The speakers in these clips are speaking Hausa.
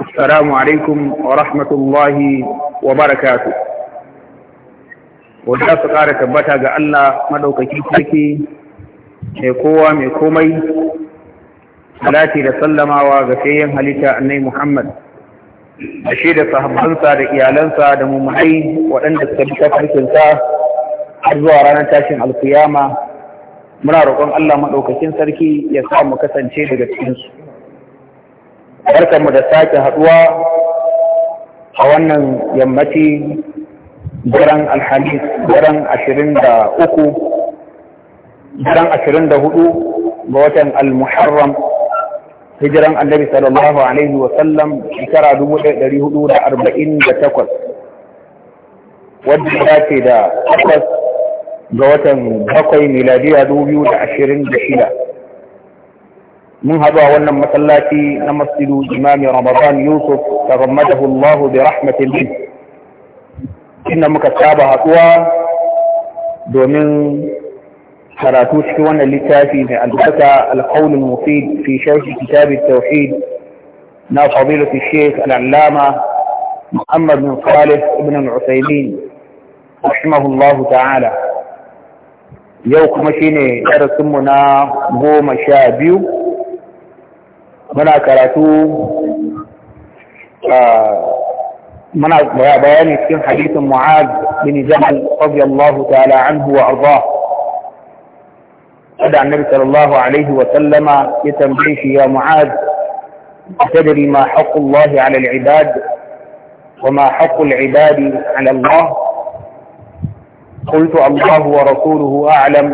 السلام wa rahmatullahi wa barakatu wadda su ƙara tabbata ga Allah maɗaukaki sarki mai kowa mai komai salati da sallamawa ga sayan halitta annai Muhammad da shi da sahabbansa da iyalansa da mummai waɗanda suka bi tafarkinsa har zuwa ranar tashin alkiyama muna roƙon Allah maɗaukakin sarki ya sa mu kasance daga cikinsu. barkanmu da sake haduwa a wannan yammaci daren alhamis daren ashirin da uku daren ashirin da hudu ga watan almuharram hijiran annabi sallallahu alaihi wa Sallam shekara dubu ɗaya ɗari hudu da arba'in da takwas wadda ya ce da takwas ga watan bakwai miladiya dubu biyu da ashirin da shida mun haɗu a wannan masallaci na masjidu imami ramadan yusuf ta ramadahu allahu bi rahmatin bin inda muka saba haɗuwa domin karatu cikin wannan littafi mai albarka alƙaunin mufid fi sharhi kitabin tauhid na fadilat shaykh al'allama muhammad bin salih ibn al-usaymin rahimahullahu ta'ala yau kuma shine darasinmu na goma sha biyu muna karatu muna bayani cikin hadisin Mu'ad bin Jabal radiyallahu ta'ala anhu wa arda da annabi sallallahu alaihi wa sallama ya tambaye shi ya Mu'ad tadri ma haqqu Allah 'ala al-'ibad wa ma haqqu al-'ibad 'ala Allah qultu قلت wa rasuluhu a'lam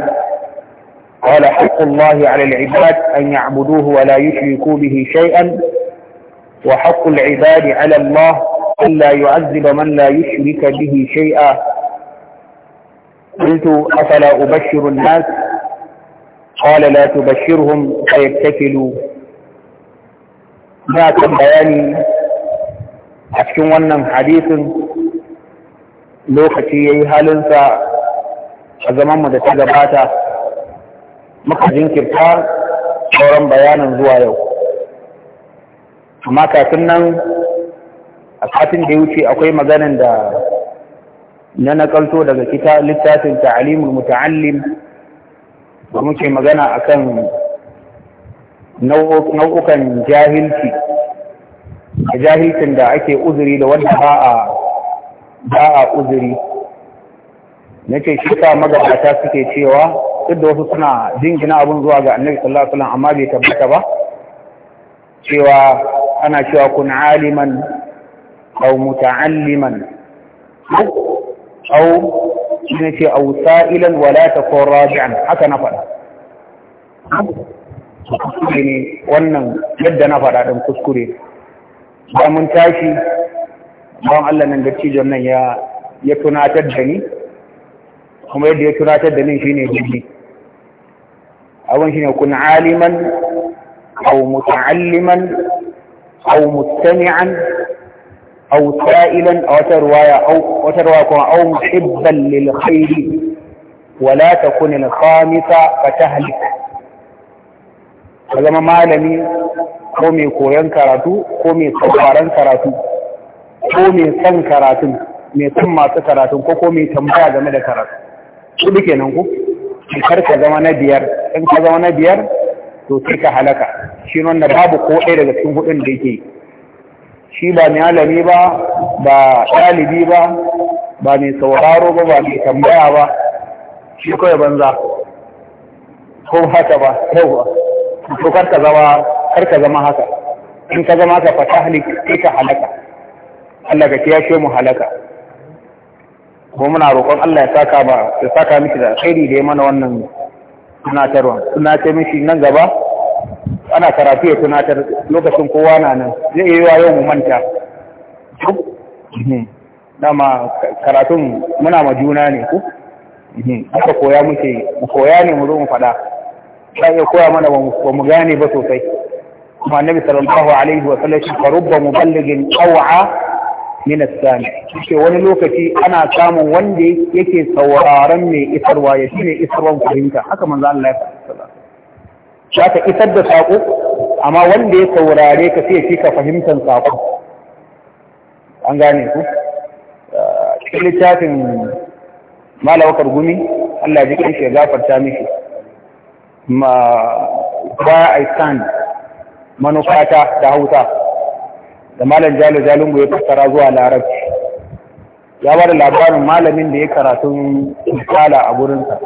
قال حق الله على العباد أن يعبدوه ولا يشركوا به شيئا وحق العباد على الله ألا يعذب من لا يشرك به شيئا قلت أفلا أبشر الناس قال لا تبشرهم فيبتكلوا ما كان بياني أفشن ونن حديث لوكتي يهالنسا a zamanmu مدى ta muka jinkirta sauran bayanan zuwa yau amma kafin nan a katin da ya wuce akwai maganin da na nakalto daga kita littafin ta'alimul muta'allim da muke magana akan nau'ukan jahilci a jahilcin da ake uzuri da wanda ba a uzuri na ce shi magabata suke cewa duk da wasu suna jingina abin zuwa ga annabi sallallahu alaihi amma bai tabbata ba cewa ana cewa kun aliman aw muta'alliman aw shine ce aw sa'ilan wa la takun raji'an haka na faɗa wannan yadda na faɗa ɗin kuskure ba mun tashi bayan Allah nan dattijon nan ya tunatar da ni kuma yadda ya tunatar da ni shine daidai abin shine kun aliman aw muta'alliman aw mustami'an aw sa'ilan aw wata riwaya aw wata riwaya kuma aw muhibban lil khairi ولا تكن الخامسة فتهلك zama malami ko mai koyon karatu ko mai sauraron karatu ko mai son karatun mai tun masu karatun ko ko mai tambaya game da karatu hudu kenan ku kar ka zama na biyar in ka zama na biyar to sai ka halaka shi wanda babu ko ɗaya daga cikin hudun da yake shi ba mai alami ba ba ɗalibi ba ba mai sauraro ba ba mai tambaya ba shi kawai banza ko haka ba yauwa to kar ka zama kar ka zama haka in ka zama haka fatahlik sai ka halaka Allah ka kiyashe mu halaka ko muna roƙon Allah ya saka ba ya saka miki da alkhairi da ya mana wannan tunatarwa tunace miki nan gaba ana karatu ya tunatar lokacin kowa na nan zai yi wa yau mu manta dama karatun muna ma juna ne ku aka koya muke mu koya ne mu zo mu faɗa ya iya koya mana ba mu gane ba sosai kuma annabi sallallahu alaihi wa sallam fa rubba muballigin qaw'a min as-sami shi wani lokaci ana samun wanda yake sauraron mai isarwa ya shine isarwan fahimta haka manzo Allah ya faɗa shaka isar da sako amma wanda ya saurare ka sai shi ka fahimtar sako an gane ku cikin littafin malawakar gumi Allah ji kanshi ya gafarta mishi ma ba a san manufata da hauta. da malam jalo jalungu ya fassara zuwa larabci ya bada labarin malamin da ya karatun misala a gurinsa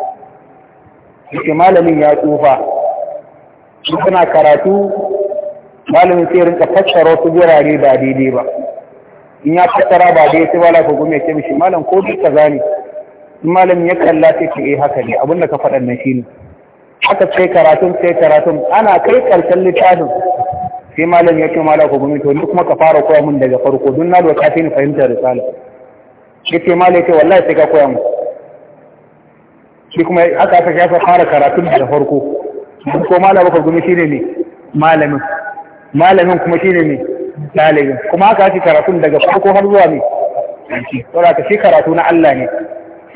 yake malamin ya tsufa su suna karatu malamin sai rinka fassara su birane ba daidai ba in ya fassara ba daidai sai wala kogo ke kemishi malam ko duk ka ne in malamin ya kalla sai ce eh haka ne abin da ka faɗa na shi ne haka sai karatun sai karatun ana kai karshen littafin sai malam ya ce mala ku gumi to ni kuma ka fara koya mun daga farko don na doka sai ni fahimtar risala shi ce malam ya ce wallahi sai ka koya mun shi kuma aka aka shafa fara karatun da farko ko malam ka gumi shine ne malamin malamin kuma shine ne dalibin kuma aka aka karatun daga farko har zuwa ne saboda ka shi karatu na Allah ne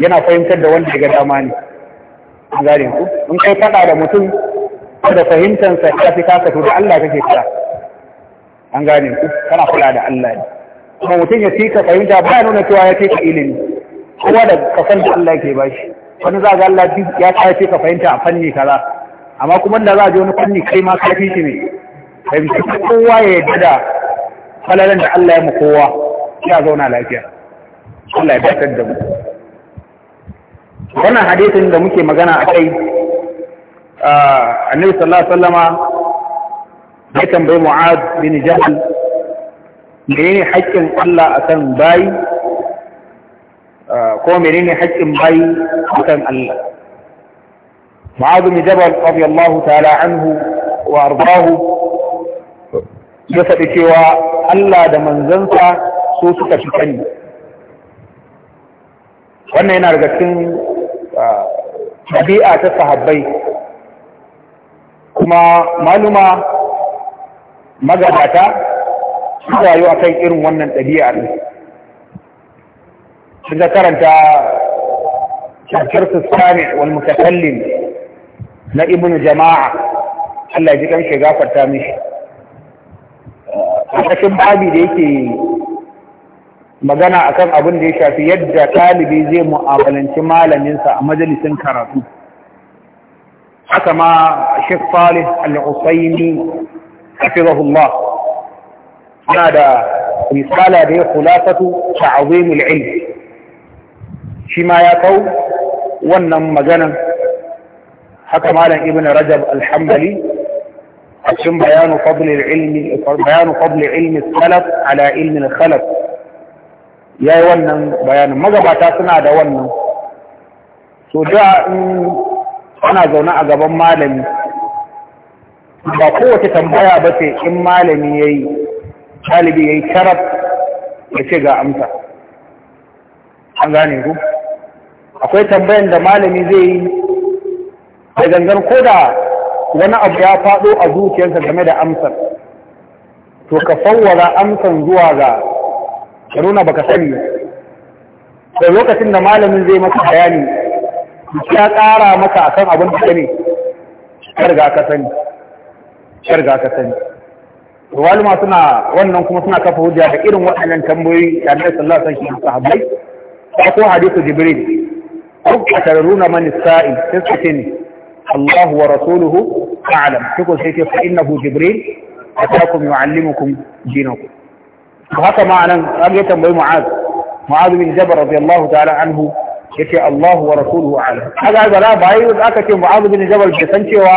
yana fahimtar da wanda daga dama ne an ku in kai fada da mutum da fahimtansa ya fi kasa to da Allah kake ta. an gane ku kana kula da Allah ne kuma mutum ya fi ka fahimta ba ya nuna cewa ya fi ka ilimi kowa da kafan da Allah ke ba shi wani za ga Allah ya fi ka fahimta a fanni kaza amma kuma da za a je wani fanni kai ma karfi shi ne fahimci kowa ya yi da falalan da Allah ya mu kowa ya zauna lafiya Allah ya dakatar da mu wannan hadisin da muke magana a kai annabi sallallahu alaihi wasallama ya tambayi mu'ad bin jahal menene haƙƙin Allah akan bayi ah, ko menene haƙƙin bayi akan Allah mu'ad bin jabal radiyallahu ta'ala anhu wa ardahu ya faɗi cewa Allah da manzansa su suka fi sani wannan yana daga cikin tabi'a ah, ta sahabbai kuma maluma magabata su rayu a kan irin wannan ɗabi'a ne sun karanta shakar sami wal na ibnu jama'a Allah ji kan shiga farta mishi ƙarƙashin babi da yake magana akan abin da ya shafi yadda talibi zai mu'amalanci malaminsa a majalisin karatu haka ma shek Salih Al-Usaini hafizahullah yana da misala da ya kulasatu ta'azimul ilm shi ma ya kau wannan maganan haka malam ibn rajab alhambali a cikin bayanu fadlil ilmi bayanu fadlil ilmi salaf ala ilmin khalaf yayi wannan bayanin magabata suna da wannan so da in ana zaune a gaban malami ba kowace tambaya ba ce in malami ya yi talibi ya yi sharaf ya ce ga amsa an gane ku akwai tambayan da malami zai yi a gangan ko da wani abu ya faɗo a zuciyarsa game da amsar to ka fawwara amsan zuwa ga ka nuna baka sani da lokacin da malamin zai maka bayani ya ƙara maka akan abin da ne ka riga ka sani shirga ka sani walma suna wannan kuma suna kafa hujja da irin waɗannan tambayoyi da Annabi sallallahu alaihi wasallam sahabbai ko hadithu jibril kuka taruna man sa'i sai ne Allah wa rasuluhu a'lam kuka sai ce fa innahu jibril atakum yu'allimukum dinakum to haka ma anan an ya tambayi mu'az mu'az bin jabal radiyallahu ta'ala anhu yace Allah wa rasuluhu a'lam kaga ga la bai aka ce mu'az bin jabal bai san cewa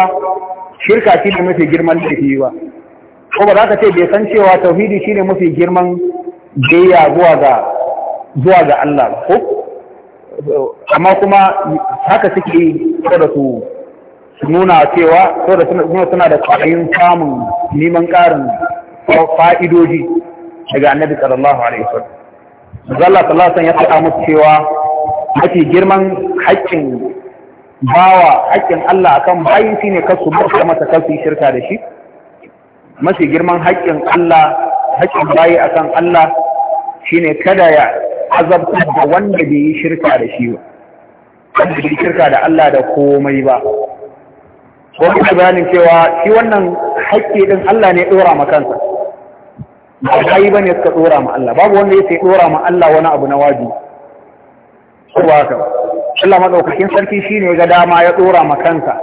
shirka shi ne mafi girman laifi ba ko ba za ka ce bai san cewa tauhidi shi ne mafi girman gaya zuwa ga Allah ko amma kuma haka suke yi ko da su nuna cewa ko da suna da kwayoyin samun neman ƙarin fa'idoji daga annabi sallallahu alaihi wasallam Allah sallallahu alaihi wasallam ya faɗa musu cewa mafi girman haƙƙin bawa haƙƙin Allah akan bayi shine kasu bauta masa kasu shirka da shi mafi girman haƙƙin Allah haƙƙin bayi akan Allah shine kada ya azabta da wanda bai yi shirka da shi ba wanda bai shirka da Allah da komai ba ko kuma bayanin cewa shi wannan haƙƙi din Allah ne ɗora ma kansa ba bayi ne suka ɗora ma Allah babu wanda ya yake ɗora ma Allah wani abu na wajibi ko ba haka Allah madaukakin sarki shine ga dama ya dora ma kansa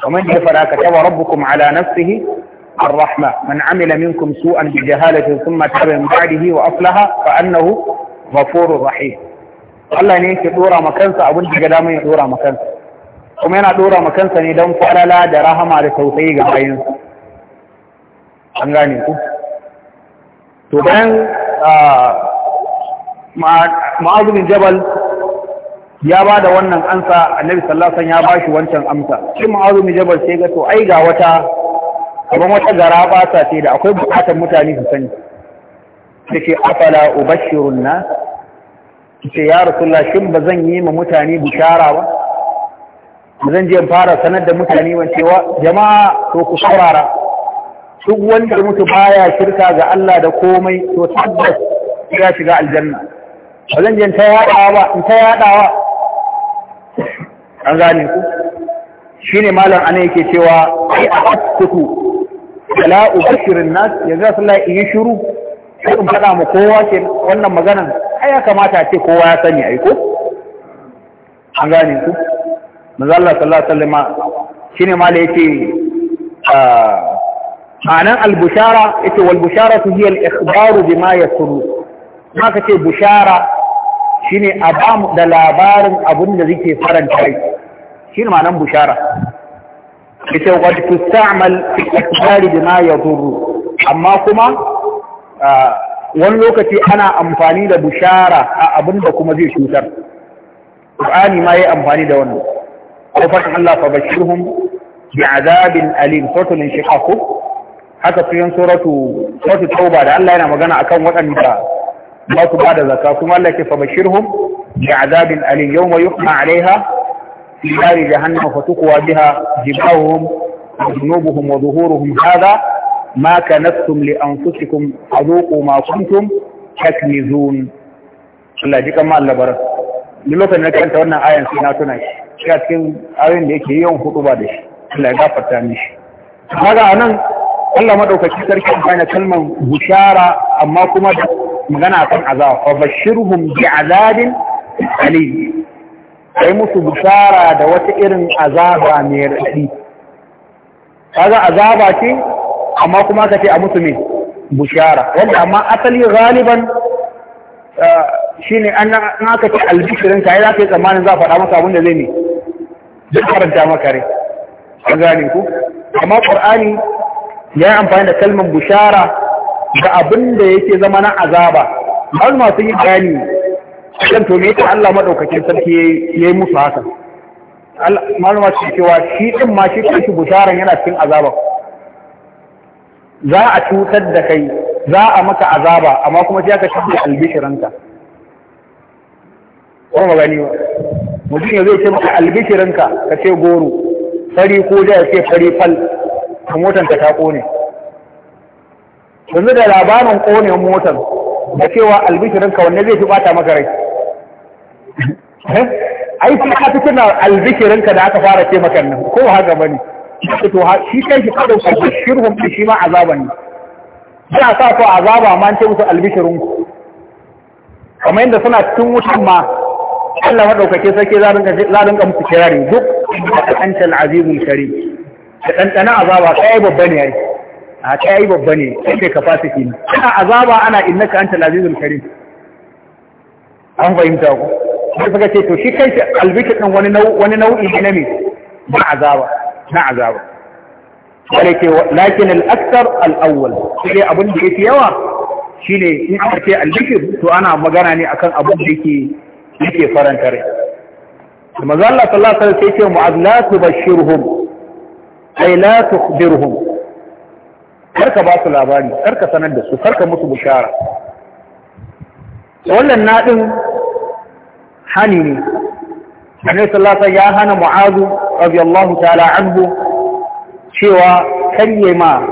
kamar da ya fara ka tawa rabbukum ala nafsihi الرحمة من عمل منكم سوءا بجهالة ثم تاب wa بعده وأصلها فأنه غفور رحيم Allah ne yake dora makansa abin da gada mai dora makansa kuma yana dora makansa ne don falala da rahama da tausayi ga bayin an gane ku to ma ah, ma'azubin jabal ya ba da wannan ansa annabi sallallahu alaihi wasallam ya ba shi wancan amsa shi ma'azu mi jabal sai ga to ai ga wata abin wata gara ba ce da akwai bukatar mutane su sani take afala ubashirun na ce ya rasulullah shin ba zan yi ma mutane bishara ba ba zan je fara sanar da mutane ban cewa jama'a to ku saurara duk wanda mutu baya shirka ga Allah da komai to tabbas ya shiga aljanna ba zan je ta yaɗawa ba in ta yadawa an gane ku shi ne malam ana yake cewa ai a askutu la ubashirin nas yanzu rasulullah in yi shiru sai in faɗa ma kowa ke wannan maganan ai ya kamata a ce kowa ya sani ai ko an gane ku manzo Allah sallallahu alaihi wasallam shine malam yake ah, ma'anan al-bushara yake wal busharatu hiya al-ikhbaru bima yasuru haka ce bushara shine a ba mu da labarin abin da zai faranta rai shine ma'anar bushara yace wa tustamal fi ikhtari bima yadurru amma kuma wani lokaci ana amfani da bushara a abin da kuma zai cutar Qur'ani ma yayi amfani da wannan ko fatan Allah fa bashirhum بعذاب أليم سورة الانشقاق haka cikin suratu suratu tauba da Allah yana magana akan waɗanda ba ku bada zaka kuma Allah ke fabashirhum bi azabin alim yawma yuhma alaiha fi nari jahannam fa tuqwa biha jibahuhum wa junubuhum wa zuhuruhum hadha ma kanastum li anfusikum azuqu ma kuntum taknizun Allah ji kamar Allah bar duk lokacin da kanta wannan ayan sai na tuna shi shi a cikin ayoyin da yake yawan hudu ba da shi Allah ya gafarta mishi kaga anan Allah madaukaki sarki amfani kalman bushara amma kuma da magana akan azaba fa bashirhum bi azabin alim Kai musu bishara da wata irin azaba mai raɗi kaga azaba ce amma kuma ka ce a musu ne bishara wanda amma asali galiban ah, shine an aka ce albishirin ka yi za ka yi tsammanin za a faɗa masa abin da zai ne duk karanta maka rai an gane ku amma ƙur'ani ya yi amfani da kalmar bishara da abin da yake zama na azaba malama masu yi gani kan to me ta Allah madaukakin sarki yayi musu haka malama shi cewa shi din ma shi kanshi busharan yana cikin azaba za a cutar da kai za a maka azaba amma kuma sai ka shafe albishiranka ko magani ba mutum ya zai ce maka albishiranka ka ce goro fari ko da ya ce fari fal kamotan ta ta kone yanzu da labarin kone motar da cewa albishirin ka wanne zai fi bata maka rai eh? ai sai ka fi tuna albishirin ka da aka fara ce maka nan ko haka bane to shi kai shi kada ka shirhum din shi ma azaba ne za sa ko azaba ma an ce musu albishirin ku kamar yadda suna cikin wutan ma Allah madaukake sarki za rinka za rinka musu kirari duk da antal azizul karim da ɗanɗana azaba kai babba ne yayi a ta yi babba ne sai kai ka fasa kini ana azaba ana innaka anta lazizul karim an fahimta ku sai suka ce to shi kai shi albikir din wani wani nau'i ne na me na azaba na azaba wale ke lakin al-akthar al-awwal sai abin da yake yawa shine in aka ce albikir to ana magana ne akan abin da yake yake faranta rai manzo Allah sallallahu alaihi wasallam sai ce mu'az la tubashshirhum ay la tukhbirhum karka ba su labari karka sanar da su karka musu bishara wannan naɗin hani ne annabi sallallahu ya hana mu'azu radiyallahu ta'ala anhu cewa karye ma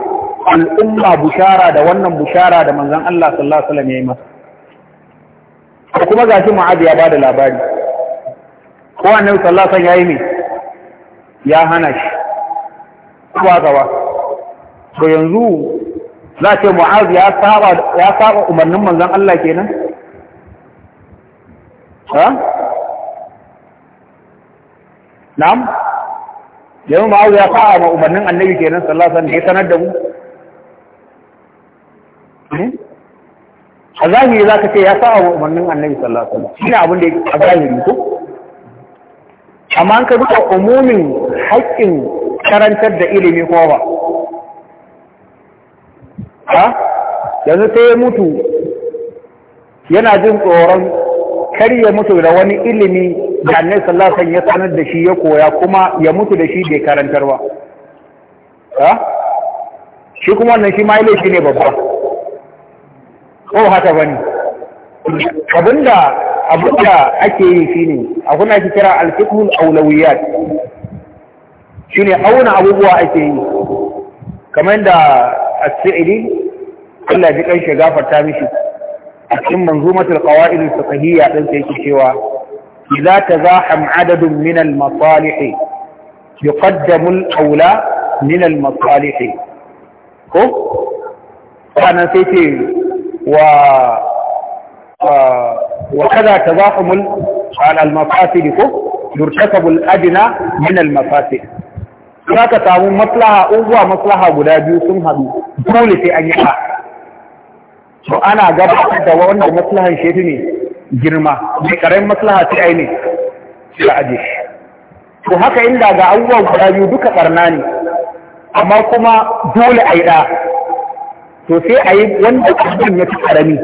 al'umma bishara da wannan bishara da manzon Allah sallallahu alaihi wasallam ya yi masa kuma gashi mu'azu ya bada labari ko annabi sallallahu alaihi wasallam ya yi me ya hana shi ba gaba to yanzu za ce mu'az ya saba umarnin manzan Allah kenan ha na'am yanzu mu'az ya saba ma umarnin annabi kenan sallallahu alaihi wasallam ya sanar da mu eh? a zahiri za ka ce ya saba ma umarnin annabi sallallahu alaihi wasallam shine abin da ya a zahiri ko amma an ka duka umumin haƙƙin karantar da ilimi ko ba ha yanzu sai ya mutu yana jin tsoron kar ya mutu da wani ilimi da annai ya sanar da shi ya koya kuma ya mutu da shi bai karantar ba ha shi kuma wannan shi maile shi ne babba ko haka bane abinda abinda ake yi shine ne da ake kira alfikun fiqhul shi shine auna abubuwa ake yi kamar da السعري إلا دقائي شقافة تامشي أكثر منظومة القوائد الفقهية أقل تيكشيوا إذا تزاحم عدد من المصالح يقدم الأولى من المصالح خب انا سيتي و... و... آه، وكذا تزاحم على المصاصل يرتكب الأدنى من المصاصل za ka samu maslaha zuwa maslaha guda biyu sun haɗu dole sai an yi ha to ana gabatar da wanda maslahan shi ne girma mai karen maslaha sai ai ne sai aje shi to haka inda ga abubuwa guda biyu duka barna ne amma kuma dole a yi ɗa to sai a yi wanda abin ya fi ƙarami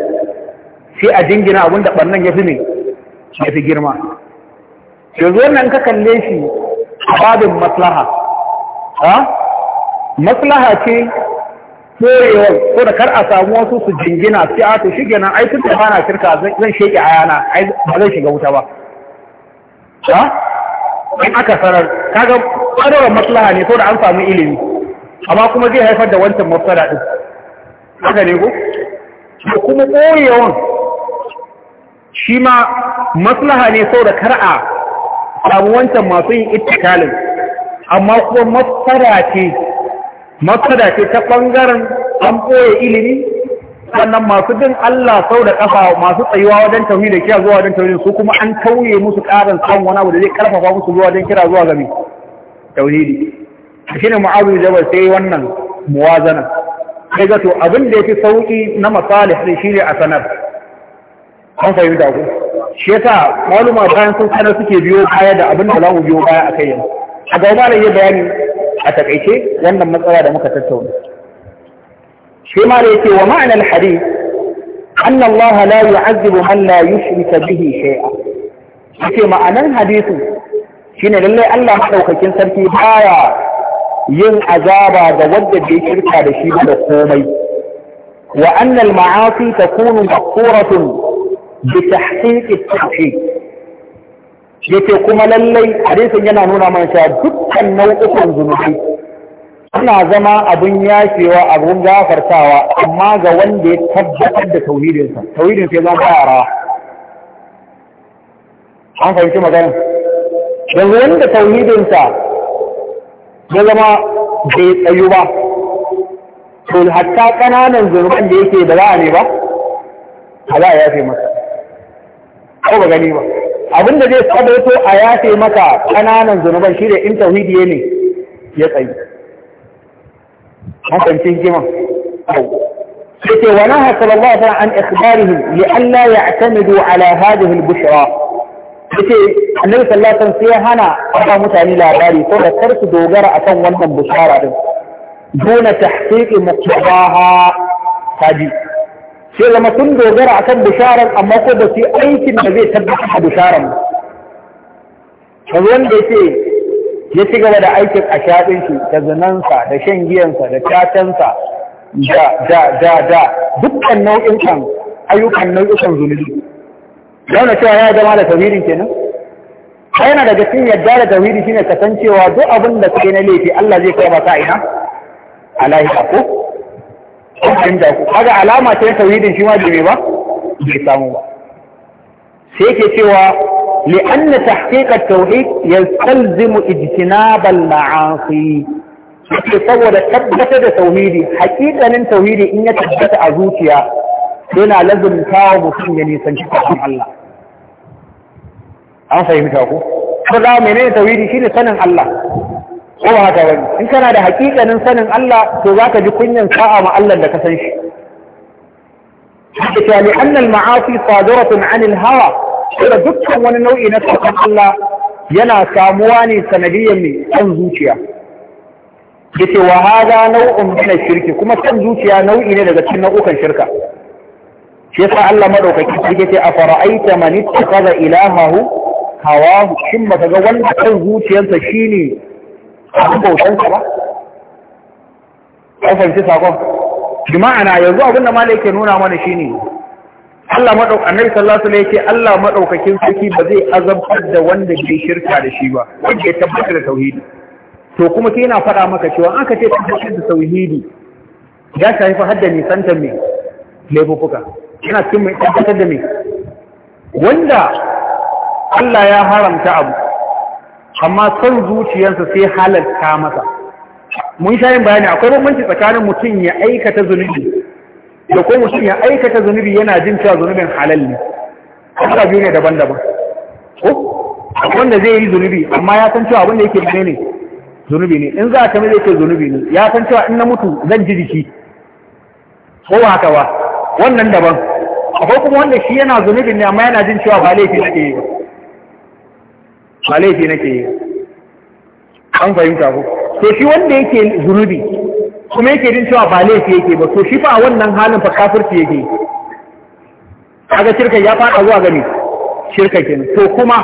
sai a jingina abin da ɓarnan ya fi ne ya fi girma yanzu wannan ka kalle shi a babin maslaha ha maslaha ce koyewa ko da kar a samu wasu su jingina sai a to shige nan ai tunda ba na shirka zan sheke ayana ai ba zan shiga wuta ba ha in aka sanar kaga kadarar maslaha ne ko da an samu ilimi amma kuma zai haifar da wancan mafsada din haka ne ko da kuma koyewan shi ma maslaha ne saboda kar a samu wancan masu yin ittikalin amma kuma mafsada ce mafsada ce ta ɓangaren an ɓoye ilimi sannan masu bin Allah sau da ƙafa masu tsayuwa wajen tauhi da kira zuwa wajen tauhi su kuma an tauye musu ƙarin samun wani abu da zai ƙarfafa musu zuwa wajen kira zuwa gami tauhidi shi ne mu'azu jabal sai wannan muwazana sai ga to abin da yafi sauki na masalih din shine a sanar an fahimta ku shi yasa maluma bayan sun sanar suke biyo baya da abin da za mu biyo baya a kai yanzu a ga malam ya bayani a takaice wannan matsala da muka tattauna shi malam yake wa ma'anar hadith أن الله لا يعذب من لا يشرك به A ce ma'anar shi shine lallai Allah madaukakin sarki baya yin azaba ga wadda bai shirka da shi da komai wa anna maasi takunu maqsuratun bi tahqiq tawhid yake kuma lallai hadisin yana nuna mana cewa dukkan nau'ukan zunubi suna zama abin yashewa abin gafartawa amma ga wanda ya tabbatar da tauhidinsa tauhidin sai zama baya rawa an fahimci magana yanzu wanda tauhidinsa ya zama bai tsayu ba to hatta kananan zunuban da yake da za a ne ba a za a yafe masa ko ba gani ba abin da zai sabato a yafe maka ƙananan zunuban shi da in tauhidi ne ya tsayi hasancin ce wani wa naha ta an ikhbarihim ya an la ya'tamidu ala hadhihi al sai ce annabi Sallatan alaihi ya hana ba mutane labari ko da kar su dogara akan wannan bushara din dole tahqiqi muqtadaha hadi sai zama sun dogara akan bisharar amma ko ba su yi aikin da zai tabbata a bisharar ba da wanda yake ya ci gaba da aikin a shaɗin shi da zinansa da shan giyansa da cacansa da da da da dukkan nau'in ayyukan nau'ukan zunubi yana cewa ya zama da tawirin kenan sai na daga cikin yadda da tawiri shine kasancewa duk abin da kai na laifi Allah zai kai a ina a lahira ko an da kaga alama ta tauhidin shi ma bai ba bai samu ba sai ke cewa li anna tahqiq at-tauhid yastalzimu ijtinab al-ma'asi sai saboda tabbata da tauhidi hakikanin tauhidi in ya tabbata a zuciya yana lazim wa mutum ya nisanci kafin Allah an fahimta ku ko da menene tauhidi shine sanin Allah ko haka in kana da hakikanin sanin Allah to zaka ji kunyan sa'a ma Allah da ka san shi haka li anna al ma'asi sadiratun an hawa da dukkan wani nau'i na sakan Allah yana samuwa ne sanadiyyar mai san zuciya yace wa hada nau'un min shirki kuma san zuciya nau'i ne daga cikin nau'ukan shirka shi yasa Allah madaukaki shi yace afara'aita man ittakhadha ilahahu hawahu shin baka ga wanda kan zuciyarsa shine abin bautansa ba ai fahimci saƙon? bi ma'ana yanzu abin da malai nuna mana ne. Allah madauk annabi sallallahu alaihi wasallam Allah maɗaukakin sarki ba zai azabtar da wanda bai shirka da shi ba wanda ya tabbata da tauhidi to kuma ke yana faɗa maka cewa an ka ce tabbatar da tauhidi ya shafi hadda nisantar mai laifuka yana cikin mai tabbatar da mai wanda Allah ya haramta abu amma son zuciyarsa sai halarta masa mun sha yin bayani akwai bambanci tsakanin mutum ya aikata zunubi da ko mutum ya aikata zunubi yana jin cewa zunubin halal ne kuma biyu ne daban-daban ko wanda zai yi zunubi amma ya san cewa abin da yake ne zunubi ne in za a kame yake zunubi ne ya san cewa in na mutu zan ji jiki ko ba haka ba wannan daban akwai kuma wanda shi yana zunubin ne amma yana jin cewa ba laifi ke yi ba ba laifi nake yi an fahimta ku to shi wanda yake zunubi kuma yake din cewa ba laifi yake ba to shi fa a wannan halin fa kafirci yake kaga shirka ya fada zuwa gani shirka kenan to kuma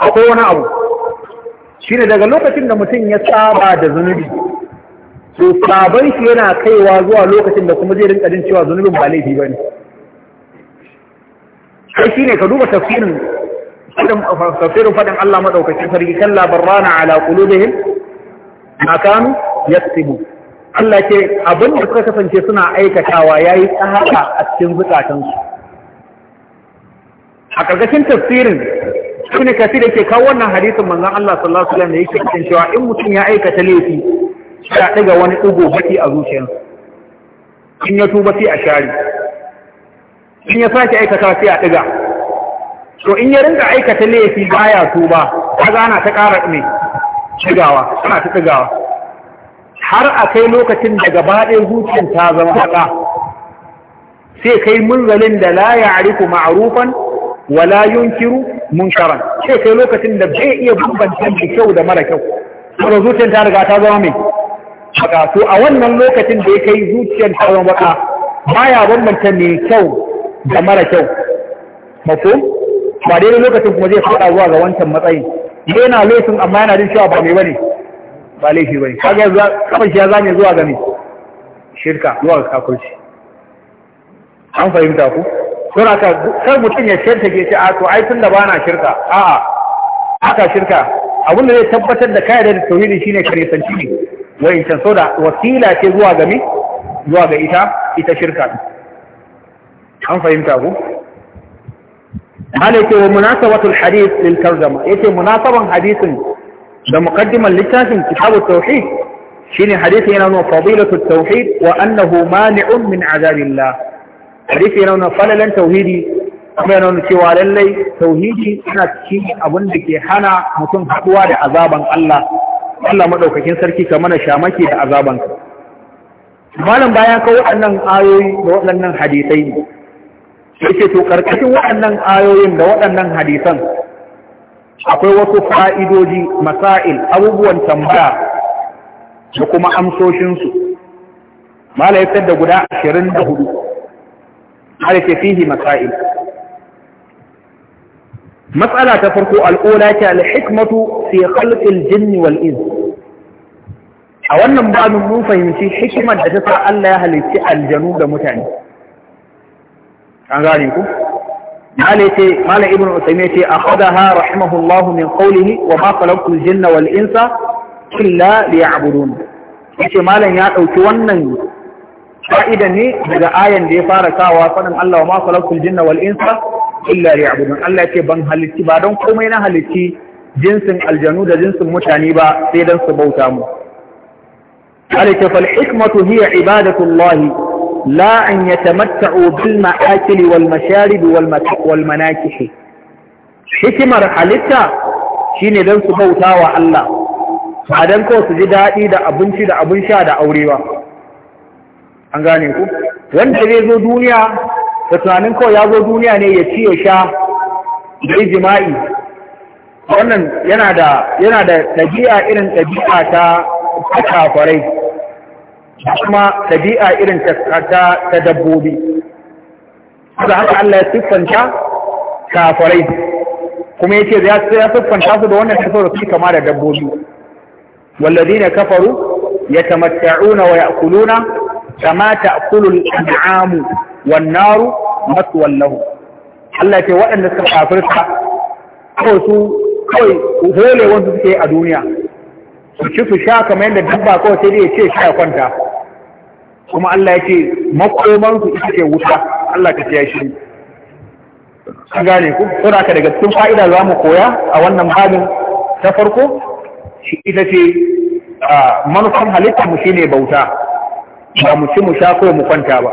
akwai wani abu shine daga lokacin da mutum ya saba da zunubi to saban shi yana kaiwa zuwa lokacin da kuma zai rinka jin cewa zunubin ba laifi bane shi shine ka duba tafsirin tafsirin faɗin Allah maɗaukacin sarki kan labarana ala kulubihim a kanu ya Allah ce abin da suka kasance suna aikatawa ya yi tsahaka a cikin zukatansu. A ƙarƙashin tafsirin, Ibn kafi da ke kawo wannan hadisin manzon Allah sallallahu alaihi wasallam da yake cikin cewa in mutum ya aikata laifi ya ɗiga wani ɗigo baki a zuciyarsa. In ya tuba sai a share. In ya sake aikata sai a ɗiga. to in ya rinka aikata laifi baya tuba kaga na ta ƙara ne cigawa tana ta tsigawa har a kai lokacin da gaba ɗaya zuciyar ta zama haɗa sai kai munzalin da la ya ariku ma'arufan, wa la yunkiru munkaran sai kai lokacin da zai iya bambanta da kyau da mara kyau saboda zuciyar ta riga ta zama mai haka to a wannan lokacin da ya kai zuciyar ta zama ba baya bambanta mai kyau da mara kyau mafi ba daidai lokacin kuma zai faɗa zuwa ga wancan matsayin yana laifin amma yana jin cewa ba mai bane ba laifi bane kaga yanzu kafa shi ya zame zuwa ga me shirka zuwa ga kafirci an fahimta ku don haka kar mutum ya shirka ke ce a to ai tun da ba na shirka a'a haka shirka abinda zai tabbatar da kayan da tauhidi shine sanci ne wai can so da wasila ce zuwa ga me zuwa ga ita ita shirka an fahimta ku malaka wa munasabatul hadith lil tarjuma yace munasaban hadisin da muqaddimar littafin kitabut tauhid shine hadisi yana nuna fadilatut tauhid wa annahu mani'un min azabillah hadisi yana nuna falalan tauhidi kuma yana nuna cewa lallai tauhidi ana cikin abin da ke hana mutum haɗuwa da azaban Allah Allah madaukakin sarki ka mana shamaki da azaban malam bayan ka wannan ayoyi da waɗannan hadisai yake to karkashin waɗannan ayoyin da waɗannan hadisan akwai wasu fa'idoji masail abubuwan tambaya da kuma amsoshinsu malayar da guda ashirin da hudu har ke fihi masail matsala ta farko al'ula ke al'hikmatu fi khalqil jinni wal a wannan babin mun fahimci hikimar da ta sa Allah ya halicci aljanu da mutane an gane ku malace malam ibnu usaymin ce akhadaha rahimahullahu min qawlihi wa ma khalaqtu al-jinna wal insa illa liya'budun yace malam ya dauki wannan fa'ida ne daga ayan da ya fara kawa sanin Allah wa ma khalaqtu al-jinna wal insa illa liya'budun Allah yace ban halitti ba don komai na halitti jinsin aljanu da jinsin mutane ba sai dan su bauta mu قالت فالحكمة هي عبادة الله la an yatamatta'u bil ma'akili wal masharib wal hikimar halitta shine dan su bauta wa Allah ba dan ko su ji daɗi da abinci da abin sha da aure an gane ku wanda zai zo duniya da tunanin kawai ya zo duniya ne ya ci ya sha da jima'i wannan yana da ɗabi'a irin ɗabi'a ta kafarai kuma ɗabi'a irin ta dabbobi da haka Allah ya siffanta kafarai kuma ya ce ya siffanta su da wannan tafiyar su kama da dabbobi wallazi ne kafaru ya tamatta'una wa ya'kuluna kama ta'kulul an'amu wan naru wallahu. Allah ce waɗanda suka kafirta kawai su kawai hole wanda suke a duniya su ci su sha kamar yadda dabba kawai sai dai ya ce sha kwanta kuma Allah ya ce makomansu ita ke wuta Allah ka ce ya shi an gane ku saboda daga cikin fa'ida za mu koya a wannan babin ta farko shi ita ce manufan halitta mu shine bauta ba mu ci mu sha ko mu kwanta ba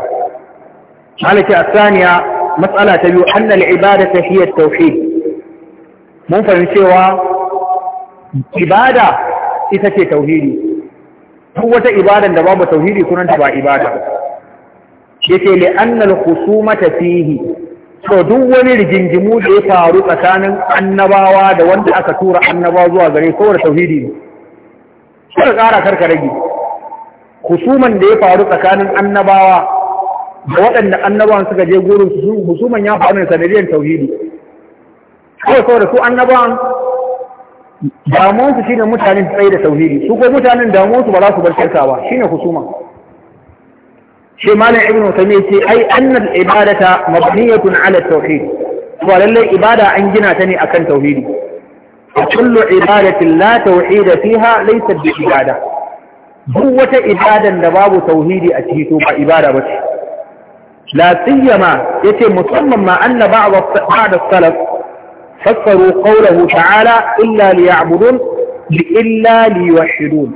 malaki asaniya matsala ta biyu annal ibadata hiya tauhid mun fahimci cewa ibada ita ce tauhidi duk wata ibadan da babu tauhidi sunanta ba ibada yace li annal khusumata fihi so duk wani rigingimu da ya faru tsakanin annabawa da wanda aka tura annabawa zuwa gare saboda tauhidi ne sai kara karka rage husuman da ya faru tsakanin annabawa da waɗanda annabawan suka je gurin su husuman ya faru ne sanadiyar tauhidi kawai saboda su annabawan damuwar su shine mutanen tsaye da tauhidi su ko mutanen damuwar su ba za su bar karka ba shine husuma shi malam ibnu tamiya ce ai annal ibadata mabniyatun ala tauhid to lallai ibada an gina ta ne akan tauhidi kullu ibadatin la tauhida fiha laysa bi ibada duk wata ibadan da babu tauhidi a ciki to ba ibada ba ce la siyama yace musamman ma anna ba'd salaf فسروا قوله تعالى إلا ليعبدون لإلا ليوحدون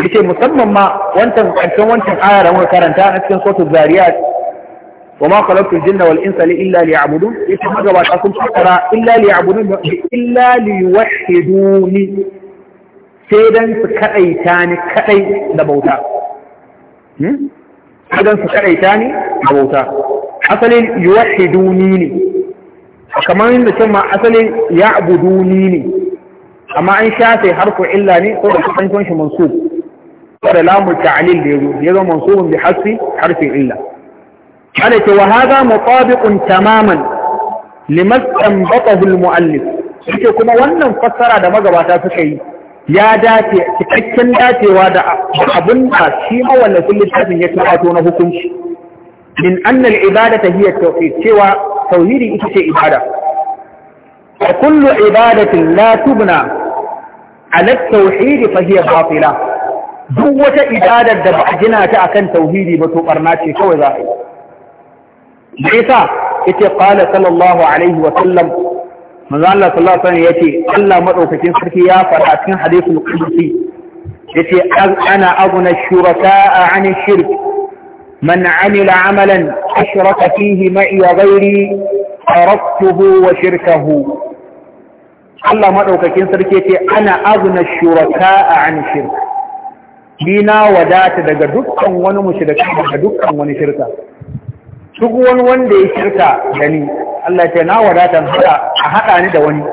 لكي مصمم ما وانت فأنتم وانتم آية لما كانت تأتي صوت الزاريات وما خلقت الجن والإنس لإلا ليعبدون إذا ما جبت أكون إلا ليعبدون لإلا ليوحدون سيدا سكأي تاني كأي نبوتا سيدا سكأي تاني نبوتا حصل يوحدونيني kamar yadda can ma asalin ya abuduni ne amma an shafe harfu illa ne ko da kusancin shi mansub da lamu ta'lil da yazo yazo mansubun bi hasbi harfi illa ana ce wa hadha mutabiqun tamaman liman tanbatahu al-muallif yake kuma wannan fassara da magabata suka yi ya dace cikakken dacewa da abin da shi mawallafin littafin ya tuwato na hukunci min annal ibadata hiya tawhid cewa tauhidi ita ce ibada wa kullu ibadatin la tubna ala tauhidi fa hiya batila duk wata ibadar da ba a gina ta akan tauhidi ba to barna ce kawai za a yi me yasa yace qala sallallahu alaihi wa sallam manzo Allah sallallahu alaihi wasallam yace Allah madaukakin sarki ya fara cikin hadisul qudsi yace ana abuna shuraka an shirk من عمل عملا أشرك فيه معي غيري تركته وشركه Allah maɗaukakin sarki ce ana azna shuraka a an shirka dina wadata daga dukkan wani mushrika daga dukkan wani shirka duk wani wanda ya shirka da ni Allah ce na wadata a haɗa ni da wani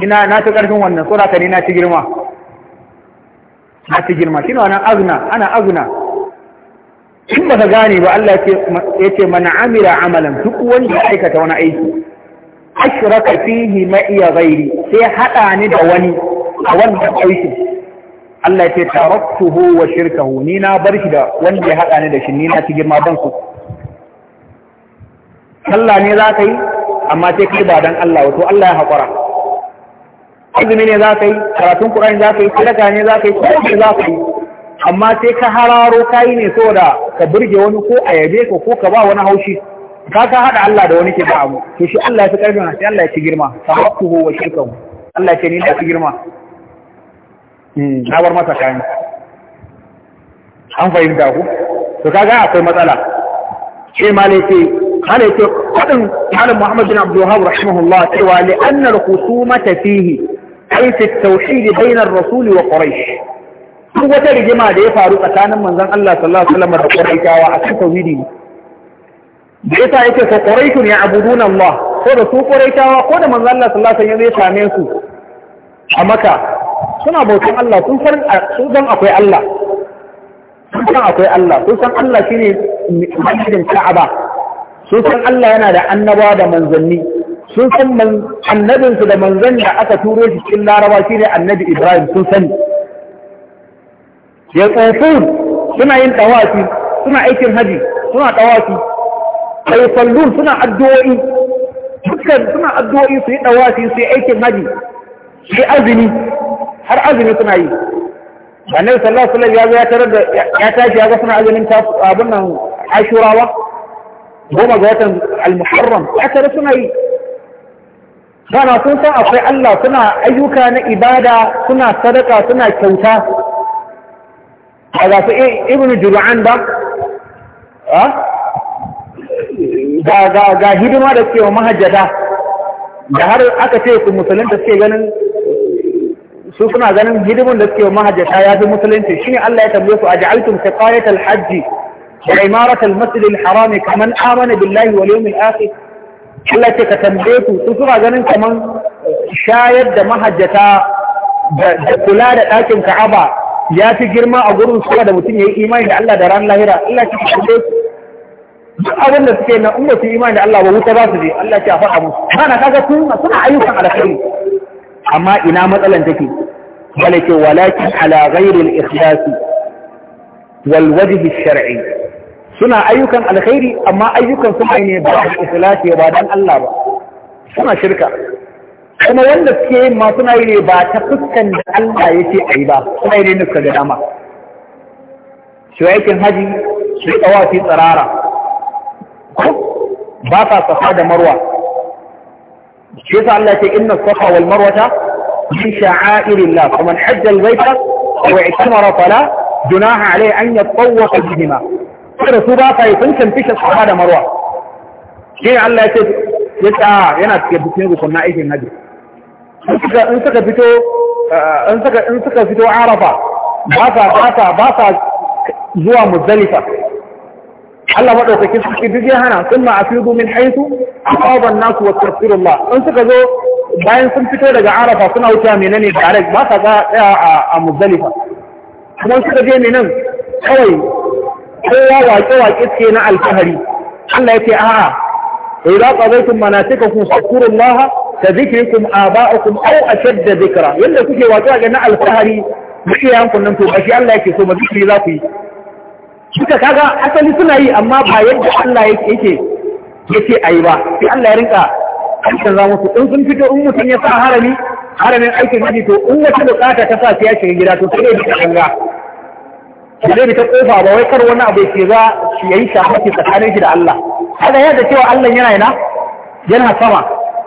dina na ci ƙarfin wannan tsora ka ni na ci girma na ci girma shi ne azna ana azna in ba ka gane ba Allah ya ce mana amira amalan duk wanda ya aikata wani aiki ashraka fihi ma iya ghairi sai hada ni da wani a wannan aikin Allah ya ce taraktuhu wa shirkahu ni na bar shi da wanda ya hada ni da shi ni na ci girma ban su sallah ne za ka yi amma sai kai ba dan Allah wato Allah ya haƙura azumi ne za ka yi karatun Qur'ani za ka yi sadaka ne za ka yi ko za ka yi amma sai ka hararo kayi ne saboda ka burge wani ko a yabe ka ko ka ba wani haushi ka ka hada Allah da wani ke ba abu to shi Allah ya fi karfin sai Allah ya ci girma Ka sahabtuhu wa shirkan Allah ya ce ni da fi girma hmm, na bar masa kayan an fahimta ku to kaga akwai matsala ce ma ne ce hana ce faɗin halin Muhammad bin Abdul Wahab rahimahullah cewa li anna al-khusumata fihi ay fi at-tawhid bayna ar-rasul wa quraish duk wata rigima da ya faru tsakanin manzon Allah sallallahu alaihi wasallam da Quraishawa a cikin tawhidi da yasa yake fa Quraishun ya'budun Allah ko da su Quraishawa ko da manzon Allah sallallahu alaihi wasallam ya same su a Makka suna bautan Allah sun san sun san akwai Allah sun san akwai Allah sun san Allah shine masjidin Ka'aba sun san Allah yana da annaba da manzanni sun san annabinsu da manzan da aka turo shi cikin Laraba shine annabi Ibrahim sun sani ya tsofin suna yin ɗawafi suna aikin haji suna ɗawafi a yi fallun suna addu'o'i dukkan suna addu'o'i su yi ɗawafi su yi aikin haji su yi azumi har azumi suna yi annabi sallallahu alaihi wasallam ya tarar da ya tashi ya ga suna azumin abun nan ashurawa goma ga watan al-muharram ya tarar suna yi sana sun san akwai Allah suna ayyuka na ibada suna sadaka suna kyauta a ga su ibn juru'an ba ga hidima da cewa mahajjata da har aka ce ku musulunta suke ganin su suna ganin hidimin da suke mahajjata ya fi musulunci shi ne Allah ya tambaye su a ja'altum siqayatal hajji da imaratal masjidil harami kaman amana billahi wal yawmil akhir Allah ce ka tambaye ku su suna ganin kaman shayar da mahajjata da kula da ɗakin Ka'aba ya fi girma a gurin suwa da mutum ya yi imani da Allah da ran lahira Allah ki kalle duk abin da suke na umma su imani da Allah ba wuta ba su je Allah ki afa abu kana kaga sun suna ayyukan alkhairi amma ina matsalan take bale ke walakin ala ghairi al-ikhlas wal wajh al-shar'i suna ayyukan alkhairi amma ayyukan su ne ba ikhlasi ba dan Allah ba suna shirka kuma wanda suke yin masu suna ba ta fuskan da Allah ya ce a yi ba suna yi ne nuka ga dama shi aikin haji su yi fi tsirara ba ka safa da marwa shi yasa Allah ce inna safa wal marwata min sha'airillah faman hajja al-baita wa i'tamara fala junaha alayhi an yatawwafa bihima kada su ba sa yi sun kamfi safa da marwa shi Allah ya ce ya yana cikin bukin rukun na aikin haji in suka fito eh, in suka in suka fito arafa ba sa ba sa ba sa zuwa muzdalifa Allah madaukakin sarki duk ya hana sun ma'afidu min haitu aqaba an-nas wa tafsirullah in suka zo bayan sun fito daga arafa suna wuce menene direct ba sa tsaya a muzalifa. kuma suka je nan kawai kowa waƙe-waƙe ce na alfahari Allah ya ce a'a mana qadaytum manasikakum fadhkurullaha ka zikrikum aba'akum aw ashadda zikra yanda kuke wato ga na alfahari mukiyan kun nan to ba shi Allah yake so ba zikri za ku yi suka kaga asali suna yi amma ba yadda Allah yake yake yake ayi ba sai Allah ya rinka aikin za musu in sun fito in mutum ya sa harami haramin aikin haji to in wata bukata ta sa sai ya shiga gida to sai ya ta ganga zai ta kofa ba wai kar wani abu ke za shi yayi shafaki tsakanin shi da Allah haka da cewa Allah yana yana yana sama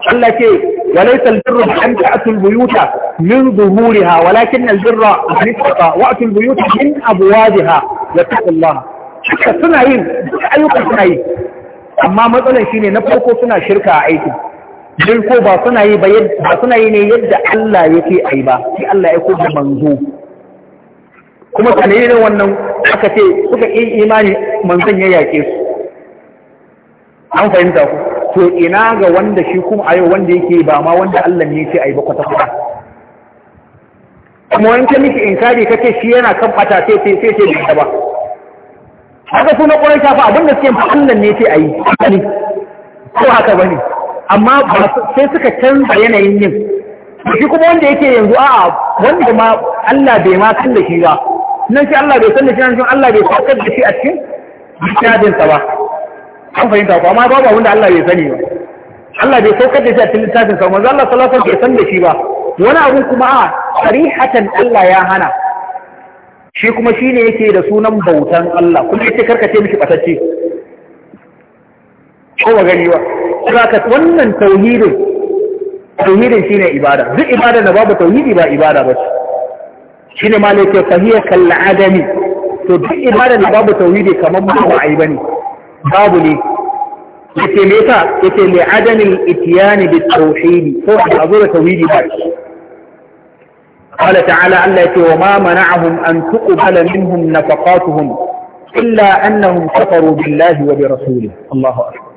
Allah ce walaysa albirru an ta'tu buyuta min zuhuriha walakin albirra an taqa wa atul buyuta min abwabiha wa taqullaha shirka suna yin ayyukan suna yi amma matsalar ne na farko suna shirka a aikin din ko ba suna yi ba ba suna yi ne yadda Allah yake yi ba sai Allah ya kuma manzo kuma sanayyin wannan aka ce suka yi imani manzon ya yake su an fahimta ku to ina ga wanda shi kuma a yau wanda yake ba ma wanda Allah ne ce a yi ba kwata kwata kuma wani ta miki inkari ka ce shi yana kan bata sai sai sai sai da ba haka suna ƙwarai shafa abin da suke Allah ne ce a yi ne ko haka ba ne amma sai suka canza yanayin yin shi kuma wanda yake yanzu a'a wanda ma Allah bai ma san da shi ba nan shi Allah bai san da shi nan Allah bai san da shi a cikin sa ba an fahimta ko amma babu abin da Allah bai sani ba Allah bai saukar da shi a cikin littafin sa manzo Allah sallallahu alaihi wasallam bai san da shi ba wani abu kuma a sarihatan Allah ya hana shi kuma shine yake da sunan bautan Allah kuma yake karkace miki batacce ko ba gani ba saka wannan tauhidin tauhidin shine ibada duk ibada da babu tauhidi ba ibada ba shine malaka fahiya kal adami to duk ibada da babu tauhidi kamar ba ai bane babu ne yace me yasa yace li adamil itiyani bit tauhidi ko a قال تعالى الله يتي وما منعهم أن تقبل منهم نفقاتهم إلا أنهم كفروا بالله وبرسوله الله أكبر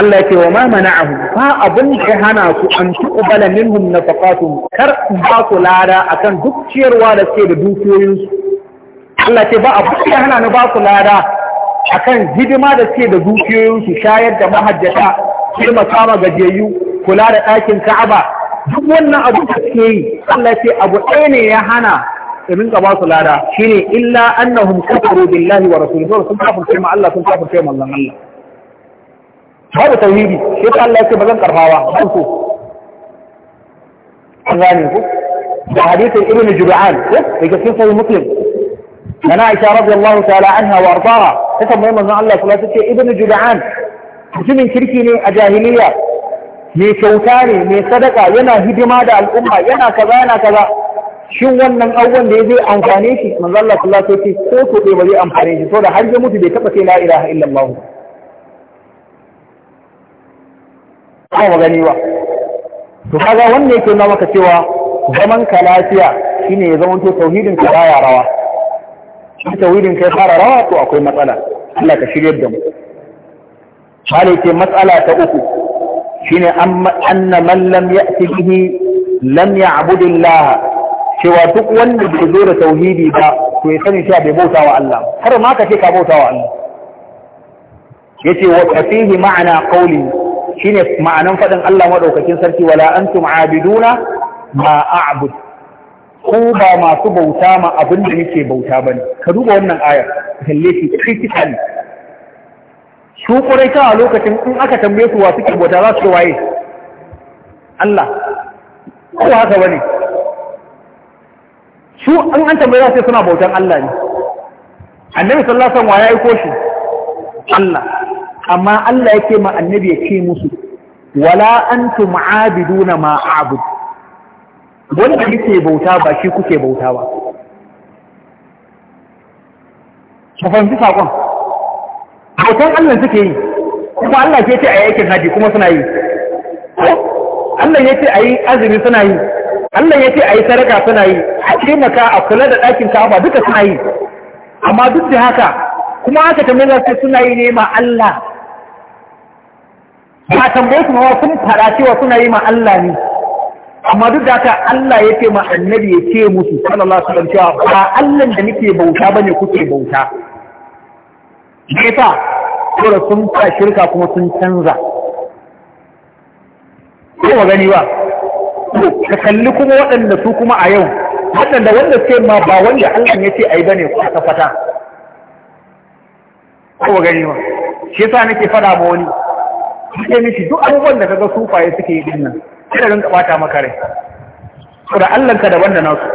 الله يتي وما منعهم أظن إهناك أن تقبل منهم نفقاتهم كرقبات لارا أكن دكتير ولا سيد دوكيوز الله يتي بأظن إهنا نباط لارا akan hidima da suke da dukiyoyinsu shayar da mahajjata taimaka ma gajiyayyu kula da ɗakin ka'aba duk wannan abu da suke yi Allah ce abu ɗaya ne ya hana irin ka ba su lada shine illa annahum kafaru billahi wa rasulihi sun kafirce ma Allah sun kafirce ma Allah Allah babu tauhidi sai ta Allah ya ce ba zan karfawa ba ku an gane ku da hadisin ibnu jub'an ko eh, daga cikin sahih muslim nana aisha radiyallahu ta'ala anha wa ardaha ta tambayi manzon Allah sallallahu alaihi wasallam ibnu jud'an mutumin kirki ne a jahiliya mai kyauta ne mai sadaka yana hidima da al'umma yana kaza yana kaza shin wannan abubuwan da ya zai amfane shi manzo Allah sallallahu alaihi wasallam ko to ba amfane shi saboda har ya mutu bai taba sai la ilaha illallah ba ba gani ba to kaga wannan yake nuna maka cewa zaman ka lafiya shine ya zama to tauhidin ka ya rawa shi tawilin kai fara rawa to akwai matsala Allah ka shiryar da mu Malai ce matsala ta uku shine anna man lam ya'ti bihi lam ya'budu cewa duk wanda bai zo da tauhidi ba to ya sani cewa bai bauta wa Allah har ma ka ce ka bauta wa Allah yace wa fihi ma'ana qawli shine ma'anan fadin Allah madaukakin sarki wala antum abiduna ma a'budu ko ba masu bauta ma abin da yake bauta bane ka duba wannan ayar kalle shi critically su kuraita a lokacin in aka tambaye su wa suke bauta za su waye Allah ko haka bane su an an tambaye za su suna bautan Allah ne annabi sallallahu alaihi wasallam wa koshi Allah amma Allah yake ma annabi ya ce musu wala antum aabiduna ma a'budu wanda kuke bauta ba shi kuke bauta ba ka fahimci saƙon bautan Allah suke yi kuma Allah ke ce a yakin haji kuma suna yi Allah ya ce a yi azumi suna yi Allah ya ce a yi saraka suna yi a taimaka a kula da ɗakin ka'aba duka suna yi amma duk da haka kuma haka tambayar sai suna yi ne ma Allah ba tambaye su ma sun fara cewa suna yi ma Allah ne amma duk da haka Allah ya ce ma annabi ya ce musu sallallahu alaihi wasallam cewa ba Allah da nake bauta bane kuke bauta me yasa saboda sun fa shirka kuma sun canza ko ba gani ba ka kalli kuma waɗanda su kuma a yau waɗanda wanda ce ma ba wanda Allah ya ce ai bane ka fata? ko ba gani ba shi yasa nake faɗa ma wani Ake mishi duk abubuwan da kaga sufaye suke yi dinnan. sai rinka bata maka rai da Allahnka daban da nasu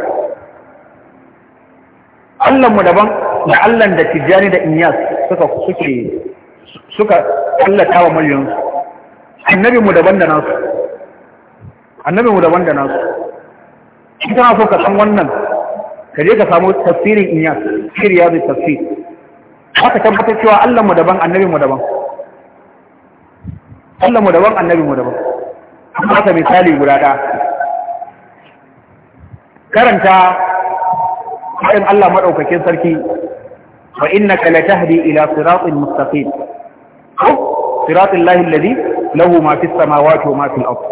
Allanmu daban da allan da Tijjani da Inyas suka suke suka tallata wa mulyansu annabinmu daban da nasu annabinmu daban da nasu in kana so ka san wannan ka je ka samu tafsirin Inyas shirya da tafsir haka tabbatar cewa allanmu daban annabinmu daban Allanmu daban annabinmu daban haka misali guda ɗa karanta haɗin Allah maɗaukakin sarki wa inna ka latahdi ila siratin mustaqim siratin lahi alladhi lahu ma fis samawati wa ma fil ardh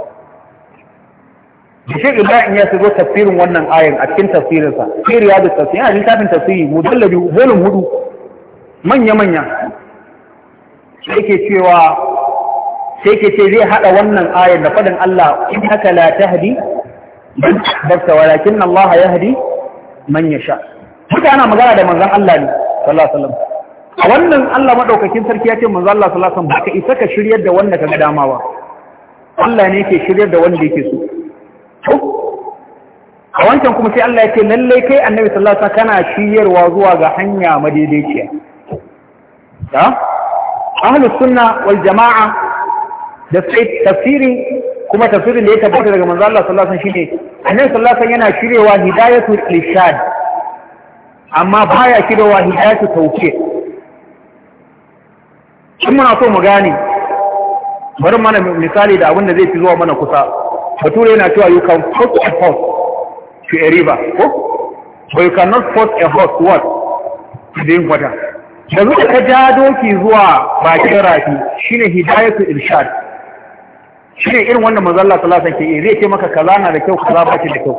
Bashir Ibrahim ya shigo tafsirin wannan ayin a cikin tafsirinsa, sai riyadu tafsiri, yana littafin tafsiri, mujallabi, volum hudu, manya-manya, sai ke cewa sai ke ce zai haɗa wannan ayar da faɗin Allah in haka la tahdi man ahbabta walakin Allah ya hadi man ya yasha haka ana magana da manzon Allah ne sallallahu alaihi wasallam a wannan Allah maɗaukakin sarki ya ce manzon Allah sallallahu alaihi wasallam baka isa ka shiryar da wanda ka kaga dama ba Allah ne ke shiryar da wanda yake so a wancan kuma sai Allah ya ce lallai kai annabi sallallahu alaihi wasallam kana shiryarwa zuwa ga hanya madaidaiciya ahlus sunna wal jama'a da tafsiri kuma tafsirin da ya tabbata daga manzo Allah sallallahu alaihi wasallam shine annabi sallallahu alaihi wasallam yana shirewa hidayatu irshad amma baya shirewa hidayatu tawfiq Kuma muna so mu gane bari mana misali da abin da zai fi zuwa mana kusa bature yana cewa you can put a horse to a river ko so you cannot put a horse what to the water da zuwa ka ja doki zuwa bakin rafi shine hidayatu irshad shi ne irin wanda mazalla talata ke yi zai ce maka kaza na da kyau kaza ba da kyau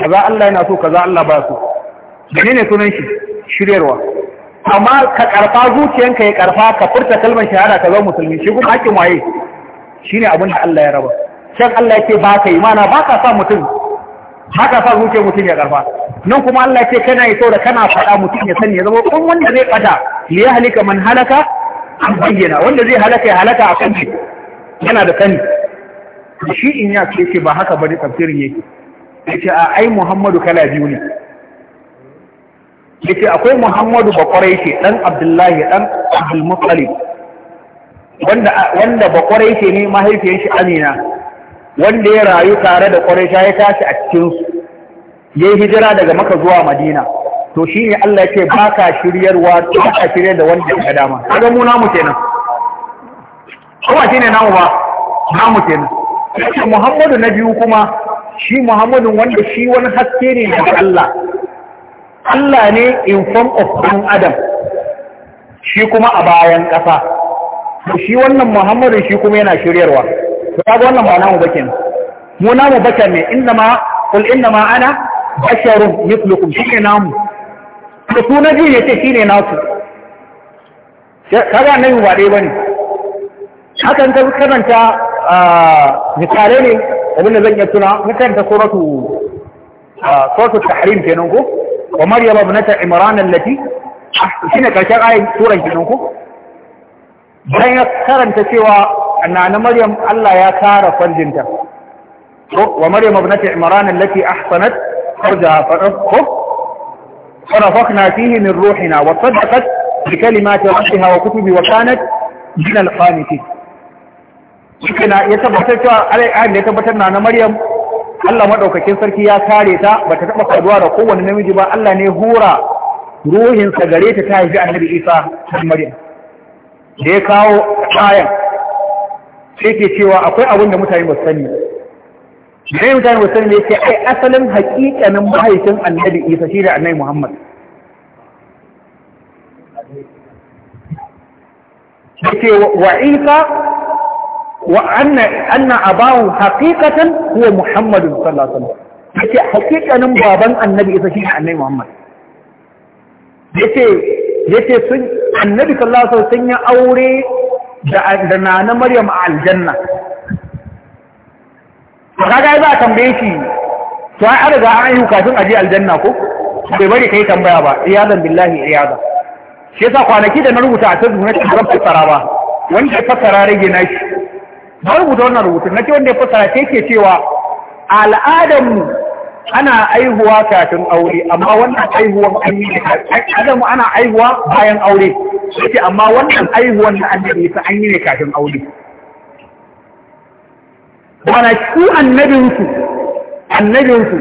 kaza Allah yana so kaza Allah ba su gane ne sunan shi shiryarwa amma ka karfa zuciyanka ya karfa ka furta kalmar shahada ka zama musulmi shi kuma hakkin waye shine abin da Allah ya raba shan Allah ya ce ba ka imana ba ka sa mutum ba ka sa zuciyar mutum ya karfa nan kuma Allah ya yake kana yi saboda kana faɗa mutum ya sani ya zama kun wanda zai bada li ya halika man halaka an bayyana wanda zai halaka ya halaka a kan yana da sani shi in ya ce ba haka bane tafsirin yake yace a ai Muhammadu kala biyu ne yace akwai Muhammadu bakwarai ke dan Abdullahi dan Abdul Muttalib wanda bakwarai ke ne mahaifiyar shi Amina wanda ya rayu tare da Quraisha ya tashi a cikinsu, ya yi hijira daga maka zuwa Madina to shine Allah ba baka shiryarwa baka shirye da wanda ya dama kaga mu namu kenan kuma ne namu ba namu kenan yake Muhammadu na biyu kuma shi Muhammadu wanda shi wani haske ne daga Allah Allah ne in form of ɗan Adam shi kuma a bayan ƙasa shi wannan Muhammadu shi kuma yana shiryarwa to kaga wannan ba namu bakin mu namu bakin ne inna ma qul inna ma ana basharun mithlukum shine namu da su na biyu yace shine nasu kaga annabi ba dai bane hakan ta karanta misalai ne abin da zan iya tuna mutanta suratu suratu tahrim kenan ko wa maryam ibnata imran allati shine karshen ayin suran kenan ko dan ya karanta cewa annana maryam Allah ya kara farjinta wa maryam ibnata imran allati ahsanat farjaha fa ونفخنا فيه من روحنا وصدقت بكلمات ربها وكتبه وكانت من القانتين shi ya tabbatar cewa ayan da ya tabbatar na na maryam Allah maɗaukakin sarki ya kare ta bata taɓa faruwa da kowane namiji ba Allah ne hura ruhinsa gare ta ta haifi annabi Isa da maryam da ya kawo ayan sai ke cewa akwai abin da mutane ba sani ya mutane ba sani ne ke ai asalin hakikanin mahaifin annabi Isa shi da annabi Muhammad ce wa isa wa anna anna abahu haqiqatan huwa Muhammad sallallahu alaihi wasallam yace haqiqanin baban annabi isa shi annabi Muhammad yace yace sun annabi sallallahu alaihi aure da da Maryam a aljanna kaga za a tambaye shi to an riga an yi kafin aje aljanna ko bai bari kai tambaya ba iyadan billahi iyadan yasa kwanaki da na rubuta a tasbih na tsara ba wanda ya rage na na rubuta wannan rubutun na ce wanda ya fasara ce ke cewa al'adarmu ana aihuwa kafin aure amma wannan aihuwan an yi adamu ana aihuwa bayan aure yace amma wannan aihuwan na annabi ta an yi ne kafin aure bana ku annabinku annabinsu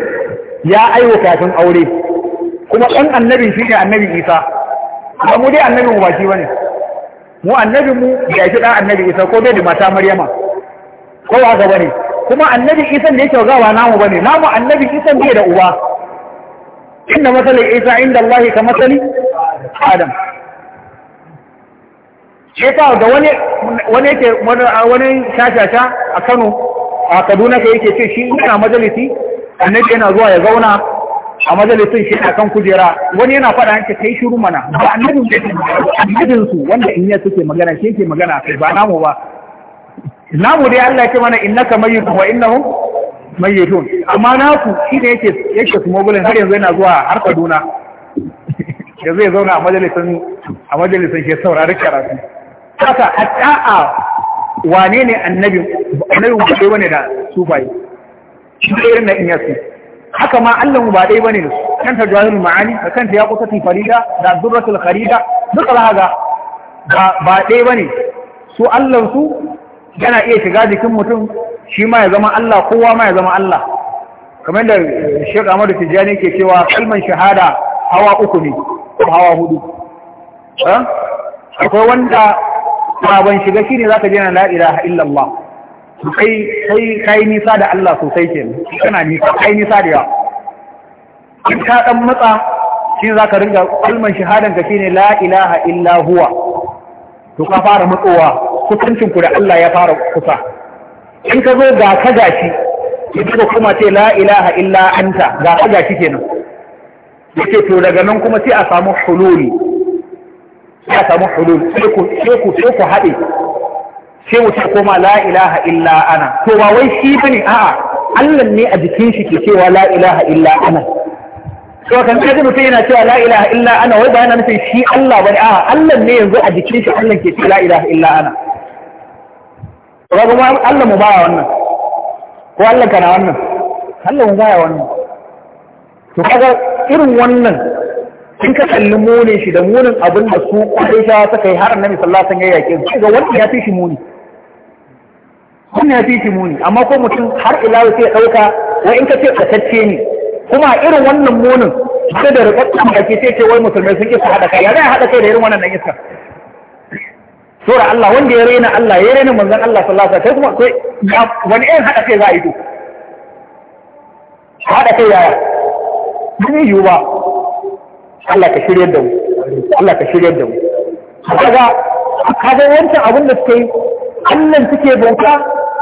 ya aiwa kafin aure kuma ɗan annabin shi ne annabi isa amma mu dai annabin mu ba shi bane mu annabin mu ya shi ɗan annabi isa ko bai da mata maryama ko ba ga bane kuma annabi isan da yake gawa namu bane namu annabi isan bai da uba inna masalin isa inda Allah ka masali adam shefa da wani wani yake wani shashasha a Kano a Kaduna ka yake ce shi yana majalisi annabi yana zuwa ya zauna a majalisun shi a kan kujera wani yana faɗa yanke kai shiru mana ba annabin su wanda in yi suke magana shi yake magana ba namu ba namu dai Allah ya ce mana innaka mayyitun wa innahum mayyitun amma naku shine yake yake su smuggling har yanzu yana zuwa har Kaduna da zai zauna a majalisin a majalisin ke saurari karatu haka a a wane ne annabi annabi ba dai bane da su bai shi irin na inyasu haka ma Allah mu ba dai bane da kan ta jawahirul ma'ani kan kanta ya farida da durratul kharida duka za ga ba dai bane su Allah su yana iya shiga jikin mutum shi ma ya zama Allah kowa ma ya zama Allah kamar da Sheikh Ahmadu Tijjani ke cewa kalman shahada hawa uku ne ko hawa hudu akwai wanda ba ban shiga shine zaka je na la ilaha illallah sai sai kai nisa da Allah sosai ke, kana nisa kai nisa da yawa in ka dan matsa shi zaka ringa kalman shahadan ka shine la ilaha illa huwa to ka fara matsowa Kusancinku da Allah ya fara kusa in ka zo ga ka gashi in ka kuma ce la ilaha illa anta ga ka gashi kenan yace to daga nan kuma sai a samu hululi sai a samu hululi sai ku sai ku haɗe sai mutum koma la ilaha illa ana to ba wai shi bane a'a Allah ne a jikin shi ke cewa la ilaha illa ana to kan kaji mutum yana cewa la ilaha illa ana wai ba yana nufin shi Allah bane a'a Allah ne yanzu a jikin shi Allah ke cewa la ilaha illa ana ba kuma Allah mu baya wannan ko Allah kana wannan Allah mu baya wannan to kaga irin wannan in ka kalli munin shi da munin abin da su Quraisha suka yi har Annabi sallallahu alaihi wasallam ya yake ga wannan ya fi shi muni wannan ya fi shi muni amma ko mutum har ila sai ya dauka wai in ka ce katacce ni. kuma irin wannan munin sai da rikon da ke sai ce wai musulmai sun kisa haɗa kai ya zai haɗa kai da irin wannan dan iska sura Allah wanda ya rena Allah ya rena manzon Allah sallallahu alaihi wasallam kai kuma wani irin haɗa kai za a yi to haɗa kai yaya mun yi ba Allah ka shirya da mu Allah ka shirya da mu kaga kaga wancan abin da suke Allah suke bauta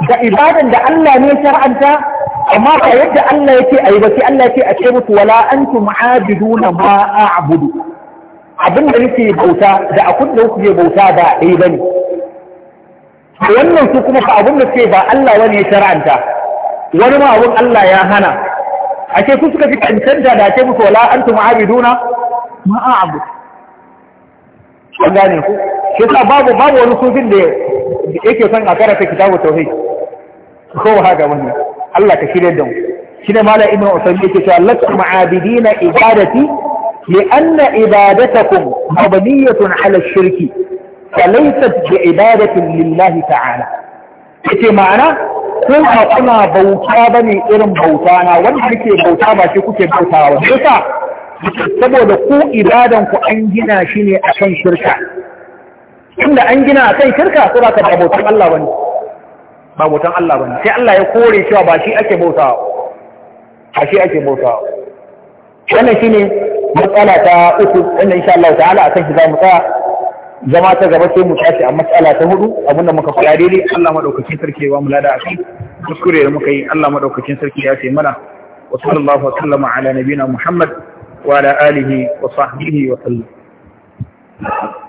da ibadan da Allah ne shar'anta amma ba yadda Allah yake ayi ba sai Allah yake a ce musu wala antum aabiduna ma a'budu abin da nake bauta da abin da kuke bauta ba ɗaya ba ne wannan su kuma fa abin da suke ba Allah wani ya shara'anta wani ma abin Allah ya hana ake su suka fi kancanta da ake musu wala antum abiduna duna, a abu an gane ku shi sa babu babu wani sufin da yake son a karata kitabu tauhid ko haka wannan Allah ka shirya da mu shi shine malam ibnu usaymin yake cewa lakum abidina ibadati لأن عبادتكم مبنية على الشرك فليست بعبادة لله تعالى ita ma'ana kun ba kuna bauta ba ne irin bauta na wanda kuke bauta ba shi kuke bauta wa sa saboda ku ibadan ku an gina shi ne a kan shirka inda an gina a kan shirka su ba ka ba bautan Allah ba ne ba bautan Allah ba ne sai Allah ya kore cewa ba shi ake bauta ba shi ake bauta wannan shine matsala ta uku wannan insha Allah ta'ala akan shi za mu tsaya zama ta gaba sai mu tashi a matsala ta hudu abinda muka faɗa daidai Allah madaukakin sarki ya mu lada akai kuskure da muka yi Allah madaukakin sarki ya sai mana wa sallallahu wa sallama ala nabina Muhammad wa ala alihi wa sahbihi wa sallam